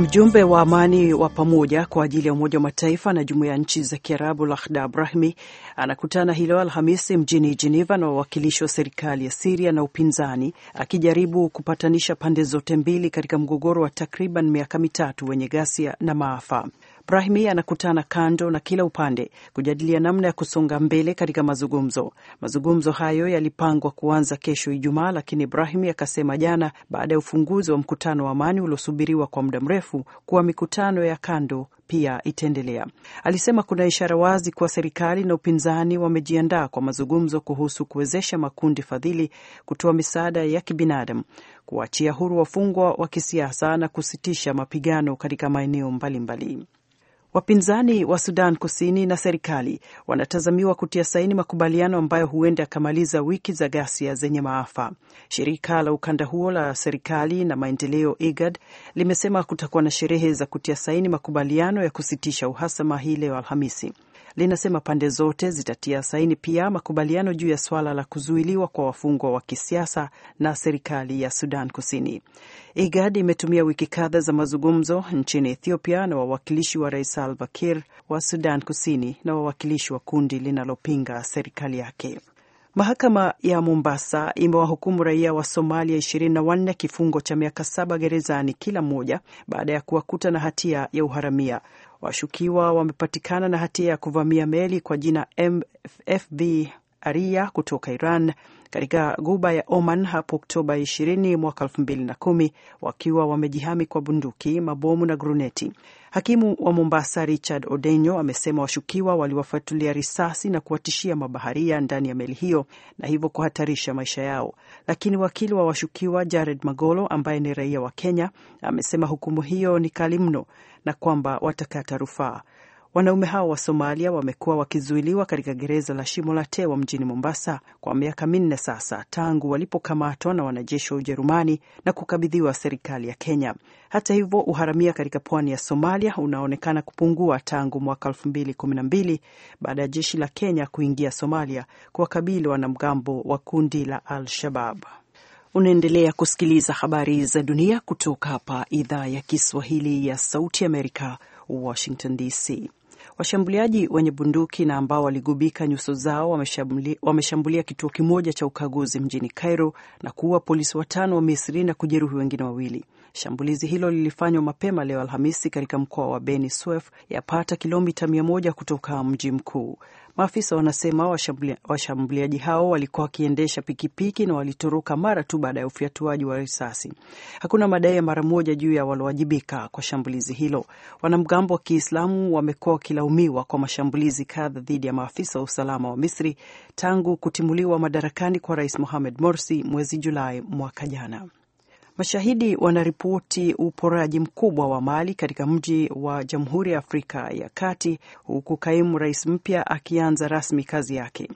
Mjumbe wa amani wa pamoja kwa ajili ya Umoja wa Mataifa na Jumuiya ya Nchi za Kiarabu Lakhdar Brahmi, anakutana hilo Alhamisi mjini jeneva na wawakilishi wa serikali ya Siria na upinzani, akijaribu kupatanisha pande zote mbili katika mgogoro wa takriban miaka mitatu wenye ghasia na maafa. Brahimi anakutana kando na kila upande kujadilia namna ya kusonga mbele katika mazungumzo. Mazungumzo hayo yalipangwa kuanza kesho Ijumaa, lakini Brahimi akasema jana, baada ya ufunguzi wa mkutano wa amani uliosubiriwa kwa muda mrefu, kuwa mikutano ya kando pia itaendelea. Alisema kuna ishara wazi kuwa serikali na upinzani wamejiandaa kwa mazungumzo kuhusu kuwezesha makundi fadhili kutoa misaada ya kibinadamu, kuachia huru wafungwa wa kisiasa na kusitisha mapigano katika maeneo mbalimbali. Wapinzani wa Sudan Kusini na serikali wanatazamiwa kutia saini makubaliano ambayo huenda yakamaliza wiki za ghasia zenye maafa. Shirika la ukanda huo la serikali na maendeleo IGAD limesema kutakuwa na sherehe za kutia saini makubaliano ya kusitisha uhasama hii leo Alhamisi linasema pande zote zitatia saini pia makubaliano juu ya suala la kuzuiliwa kwa wafungwa wa kisiasa na serikali ya Sudan Kusini. IGAD imetumia wiki kadha za mazungumzo nchini Ethiopia na wawakilishi wa Rais Salva Kiir wa Sudan Kusini na wawakilishi wa kundi linalopinga serikali yake. Mahakama ya Mombasa imewahukumu raia wa Somalia 24 kifungo cha miaka saba gerezani kila mmoja baada ya kuwakuta na hatia ya uharamia. Washukiwa wamepatikana na hatia ya kuvamia meli kwa jina MFV Aria kutoka Iran katika guba ya Oman hapo Oktoba 20 mwaka 2010 wakiwa wamejihami kwa bunduki, mabomu na gruneti. Hakimu wa Mombasa Richard Odenyo amesema washukiwa waliwafatulia risasi na kuwatishia mabaharia ndani ya meli hiyo na hivyo kuhatarisha maisha yao, lakini wakili wa washukiwa Jared Magolo ambaye ni raia wa Kenya amesema hukumu hiyo ni kali mno na kwamba watakata rufaa. Wanaume hao wa Somalia wamekuwa wakizuiliwa katika gereza la Shimo la Tewa mjini Mombasa kwa miaka minne sasa tangu walipokamatwa na wanajeshi wa Ujerumani na kukabidhiwa serikali ya Kenya. Hata hivyo, uharamia katika pwani ya Somalia unaonekana kupungua tangu mwaka 2012 baada ya jeshi la Kenya kuingia Somalia kuwakabili wanamgambo wa kundi la Al-Shabab. Unaendelea kusikiliza habari za dunia kutoka hapa idhaa ya Kiswahili ya Sauti Amerika, Washington DC. Washambuliaji wenye bunduki na ambao waligubika nyuso zao wameshambulia, wameshambulia kituo kimoja cha ukaguzi mjini Cairo na kuua polisi watano wa Misri na kujeruhi wengine wawili. Shambulizi hilo lilifanywa mapema leo Alhamisi katika mkoa wa Beni Suef, yapata kilomita moja kutoka mji mkuu. Maafisa wanasema washambuliaji hao walikuwa wakiendesha pikipiki na walitoroka mara tu baada ya ufyatuaji wa risasi. Hakuna madai ya mara moja juu ya waliowajibika kwa shambulizi hilo. Wanamgambo wa Kiislamu wamekuwa wakilaumiwa kwa mashambulizi kadha dhidi ya maafisa wa usalama wa Misri tangu kutimuliwa madarakani kwa Rais Mohamed Morsi mwezi Julai mwaka jana. Mashahidi wanaripoti uporaji mkubwa wa mali katika mji wa Jamhuri ya Afrika ya Kati, huku kaimu rais mpya akianza rasmi kazi yake.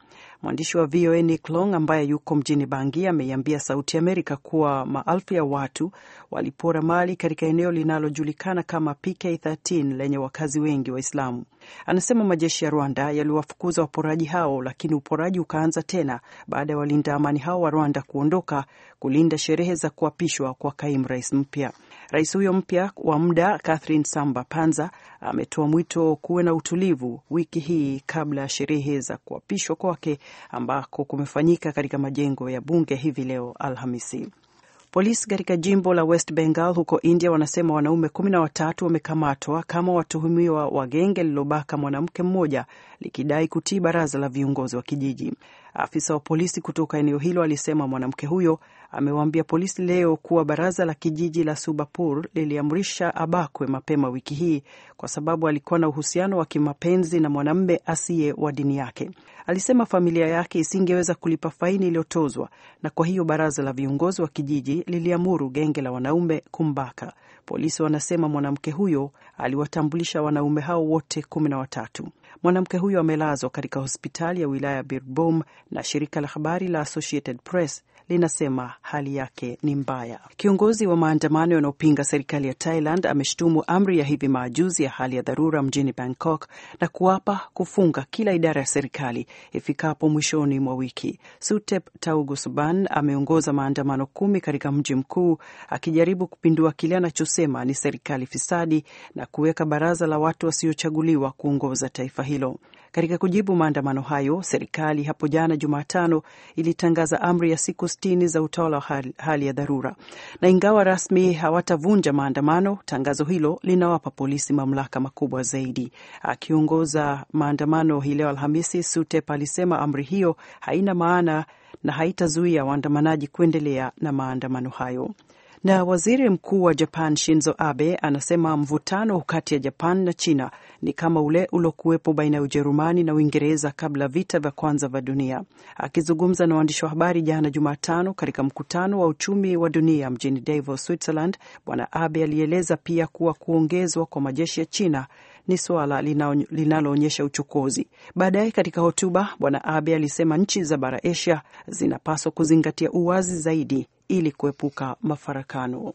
Mwandishi wa VOA Nick Long ambaye yuko mjini Bangi ameiambia Sauti Amerika kuwa maelfu ya watu walipora mali katika eneo linalojulikana kama PK13 lenye wakazi wengi Waislamu. Anasema majeshi ya Rwanda yaliwafukuza waporaji hao, lakini uporaji ukaanza tena baada ya walinda amani hao wa Rwanda kuondoka kulinda sherehe za kuapishwa kwa kaimu rais mpya. Rais huyo mpya wa muda Catherine Samba Panza ametoa mwito kuwe na utulivu wiki hii kabla ya sherehe za kuapishwa kwake ambako kumefanyika katika majengo ya bunge hivi leo Alhamisi. Polisi katika jimbo la West Bengal huko India wanasema wanaume kumi na watatu wamekamatwa kama watuhumiwa wa genge lililobaka mwanamke mmoja likidai kutii baraza la viongozi wa kijiji. Afisa wa polisi kutoka eneo hilo alisema mwanamke huyo amewaambia polisi leo kuwa baraza la kijiji la Subapur liliamrisha abakwe mapema wiki hii kwa sababu alikuwa na uhusiano wa kimapenzi na mwanamume asiye wa dini yake. Alisema familia yake isingeweza kulipa faini iliyotozwa, na kwa hiyo baraza la viongozi wa kijiji liliamuru genge la wanaume kumbaka. Polisi wanasema mwanamke huyo aliwatambulisha wanaume hao wote kumi na watatu. Mwanamke huyo amelazwa katika hospitali ya wilaya ya Birbom, na shirika la habari la Associated Press linasema hali yake ni mbaya. Kiongozi wa maandamano yanayopinga serikali ya Thailand ameshtumu amri ya hivi majuzi ya hali ya dharura mjini Bangkok na kuapa kufunga kila idara ya serikali ifikapo mwishoni mwa wiki. Sutep Taugusuban ameongoza maandamano kumi katika mji mkuu akijaribu kupindua kile anachosema ni serikali fisadi na kuweka baraza la watu wasiochaguliwa kuongoza taifa hilo. Katika kujibu maandamano hayo, serikali hapo jana Jumatano ilitangaza amri ya siku sitini za utawala wa hali ya dharura, na ingawa rasmi hawatavunja maandamano, tangazo hilo linawapa polisi mamlaka makubwa zaidi. Akiongoza maandamano hii leo Alhamisi, Sutep alisema amri hiyo haina maana na haitazuia waandamanaji kuendelea na maandamano hayo. Na waziri mkuu wa Japan Shinzo Abe anasema mvutano kati ya Japan na China ni kama ule uliokuwepo baina ya Ujerumani na Uingereza kabla vita vya kwanza vya dunia. Akizungumza na waandishi wa habari jana Jumatano katika mkutano wa uchumi wa dunia mjini Davos, Switzerland, Bwana Abe alieleza pia kuwa kuongezwa kwa majeshi ya China ni suala linaloonyesha uchokozi. Baadaye katika hotuba, Bwana Abe alisema nchi za bara Asia zinapaswa kuzingatia uwazi zaidi ili kuepuka mafarakano.